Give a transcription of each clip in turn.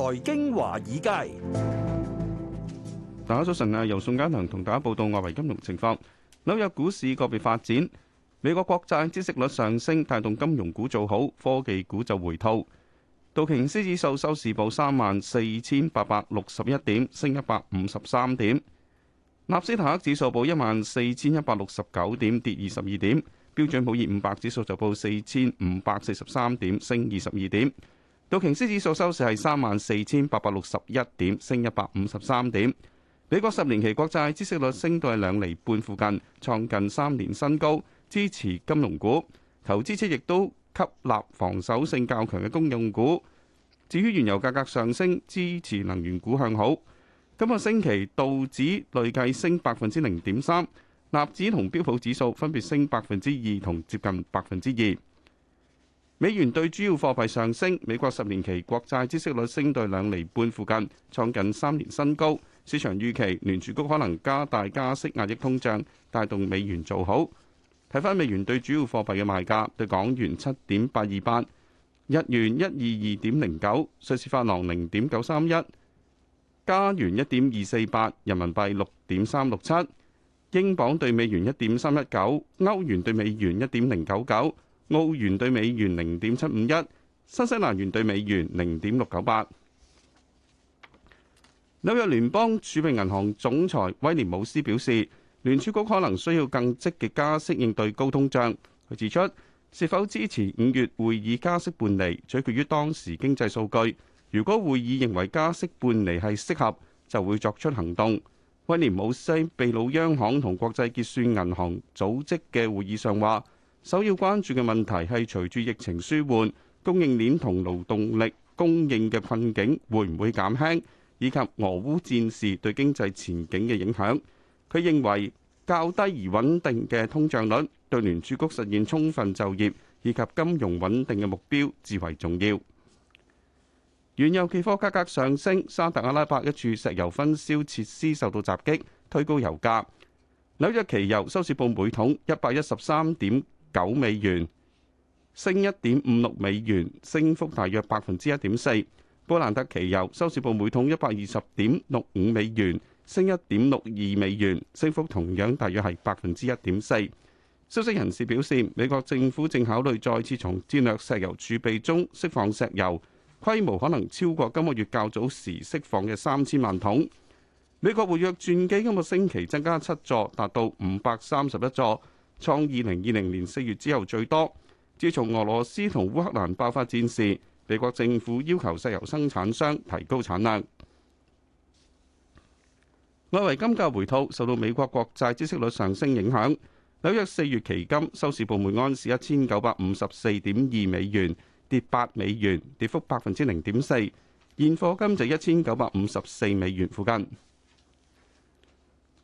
財經華爾街，大家早晨啊！由宋嘉良同大家報道外圍金融情況。紐約股市個別發展，美國國債孳息率上升帶動金融股做好，科技股就回吐。道瓊斯指數收市報三萬四千八百六十一點，升一百五十三點。納斯達克指數報一萬四千一百六十九點，跌二十二點。標準普爾五百指數就報四千五百四十三點，升二十二點。道瓊斯指數收市係三萬四千八百六十一點，升一百五十三點。美國十年期國債孳息率升到係兩厘半附近，創近三年新高，支持金融股。投資者亦都吸納防守性較強嘅公用股。至於原油價格上升，支持能源股向好。今個星期道指累計升百分之零點三，納指同標普指數分別升百分之二同接近百分之二。美元兌主要貨幣上升，美國十年期國債孳息率升到兩厘半附近，創近三年新高。市場預期聯儲局可能加大加息壓抑通脹，帶動美元做好。睇翻美元兌主要貨幣嘅賣價，對港元七點八二八，日元一二二點零九，瑞士法郎零點九三一，加元一點二四八，人民幣六點三六七，英鎊對美元一點三一九，歐元對美元一點零九九。澳元兌美元零點七五一，新西蘭元兌美元零點六九八。紐約聯邦儲備銀行總裁威廉姆斯表示，聯儲局可能需要更積極加息應對高通脹，佢指出，是否支持五月會議加息半釐取決於當時經濟數據，如果會議認為加息半釐係適合，就會作出行動，威廉姆斯在秘魯央行同國際結算銀行組織嘅會議上話。首要關注嘅問題係隨住疫情舒緩，供應鏈同勞動力供應嘅困境會唔會減輕，以及俄烏戰事對經濟前景嘅影響。佢認為較低而穩定嘅通脹率對聯儲局實現充分就業以及金融穩定嘅目標至為重要。原油期貨價格上升，沙特阿拉伯一處石油分銷設施受到襲擊，推高油價。紐約期油收市報每桶一百一十三點九美元升一點五六美元，升幅大約百分之一點四。布蘭特期油收市報每桶一百二十點六五美元，升一點六二美元，升幅同樣大約係百分之一點四。消息人士表示，美國政府正考慮再次從戰略石油儲備中釋放石油，規模可能超過今個月較早時釋放嘅三千萬桶。美國活躍鑽機今個星期增加七座，達到五百三十一座。創二零二零年四月之後最多。自從俄羅斯同烏克蘭爆發戰事，美國政府要求石油生產商提高產量。外圍金價回吐，受到美國國債孳息率上升影響。紐約四月期金收市報每安士一千九百五十四點二美元，跌八美元，跌幅百分之零點四。現貨金就一千九百五十四美元附近。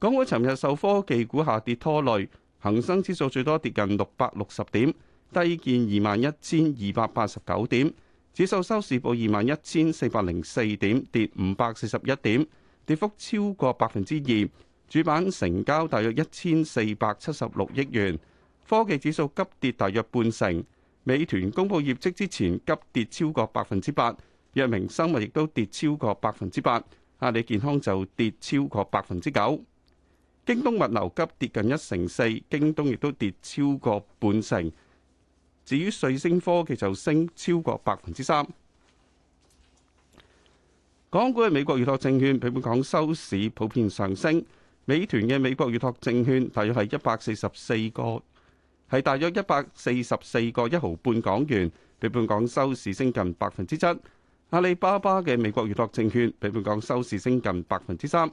港股尋日受科技股下跌拖累。恒生指數最多跌近六百六十點，低見二萬一千二百八十九點。指數收市報二萬一千四百零四點，跌五百四十一點，跌幅超過百分之二。主板成交大約一千四百七十六億元。科技指數急跌大約半成。美團公布業績之前急跌超過百分之八。藥明生物亦都跌超過百分之八。阿里健康就跌超過百分之九。京東物流急跌近一成四，京東亦都跌超過半成。至於瑞聲科技就升超過百分之三。港股嘅美國預託證券，比本港收市普遍上升。美團嘅美國預託證券大約係一百四十四個，係大約一百四十四個一毫半港元，比本港收市升近百分之七。阿里巴巴嘅美國預託證券，比本港收市升近百分之三。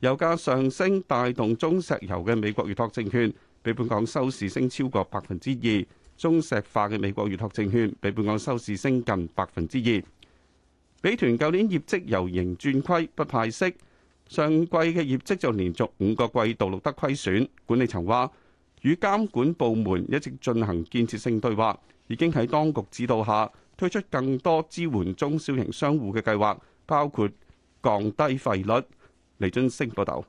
油價上升帶動中石油嘅美國預託證券，比本港收市升超過百分之二；中石化嘅美國預託證券比本港收市升近百分之二。美團舊年業績由盈轉虧，不派息，上季嘅業績就連續五個季度錄得虧損。管理層話，與監管部門一直進行建設性對話，已經喺當局指導下推出更多支援中小型商戶嘅計劃，包括降低費率。李俊升報道。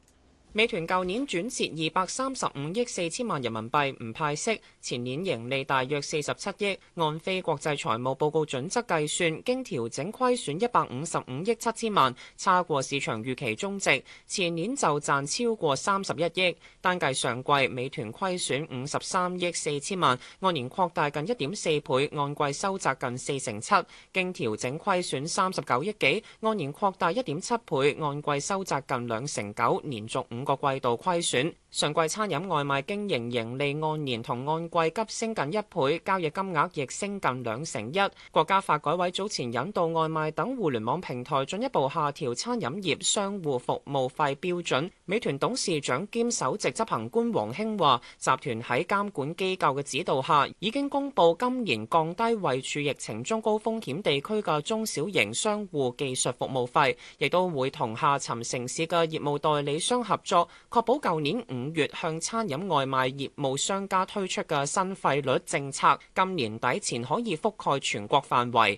美團舊年轉折二百三十五億四千萬人民幣，唔派息。前年盈利大約四十七億，按非國際財務報告準則計算，經調整虧損一百五十五億七千萬，差過市場預期中值。前年就賺超過三十一億，單計上季美團虧損五十三億四千萬，按年擴大近一點四倍，按季收窄近四成七，經調整虧損三十九億幾，按年擴大一點七倍，按季收窄近兩成九，連續五五個季度虧損。上季餐飲外賣經營盈利按年同按季急升近一倍，交易金額亦升近兩成一。國家發改委早前引導外賣等互聯網平台進一步下調餐飲業商戶服務費標準，美團董事長兼首席執行官王興話：集團喺監管機構嘅指導下，已經公布今年降低位處疫情中高風險地區嘅中小型商戶技術服務費，亦都會同下沉城市嘅業務代理商合作，確保舊年。五月向餐飲外賣業務商家推出嘅新費率政策，今年底前可以覆蓋全國範圍。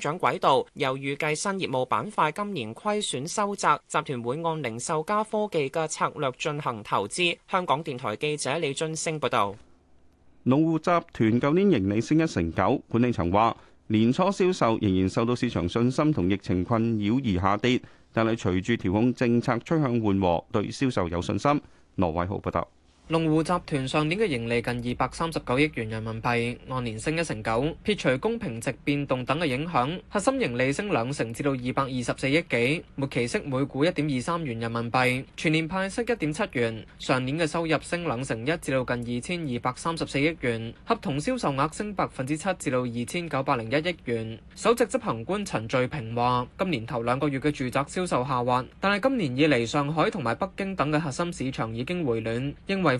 長軌道又預計新業務板塊今年虧損收窄，集團會按零售加科技嘅策略進行投資。香港電台記者李津升報道。龍湖集團舊年盈利升一成九，管理層話年初銷售仍然受到市場信心同疫情困擾而下跌，但係隨住調控政策趨向緩和，對銷售有信心。羅偉豪報道。龍湖集團上年嘅盈利近二百三十九億元人民幣，按年升一成九。撇除公平值變動等嘅影響，核心盈利升兩成，至到二百二十四億幾，末期息每股一點二三元人民幣，全年派息一點七元。上年嘅收入升兩成一，至到近二千二百三十四億元，合同銷售額升百分之七，至到二千九百零一億元。首席執行官陳序平話：今年頭兩個月嘅住宅銷售下滑，但係今年以嚟上海同埋北京等嘅核心市場已經回暖，因為。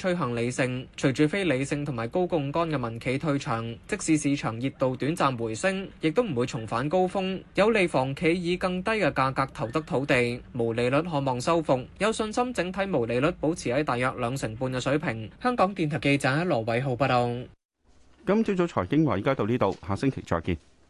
趨向理性，隨住非理性同埋高槓桿嘅民企退場，即使市場熱度短暫回升，亦都唔會重返高峰，有利房企以更低嘅價格投得土地，毛利率渴望收復，有信心整體毛利率保持喺大約兩成半嘅水平。香港電台記者羅偉浩報道。今朝早財經華爾街到呢度，下星期再見。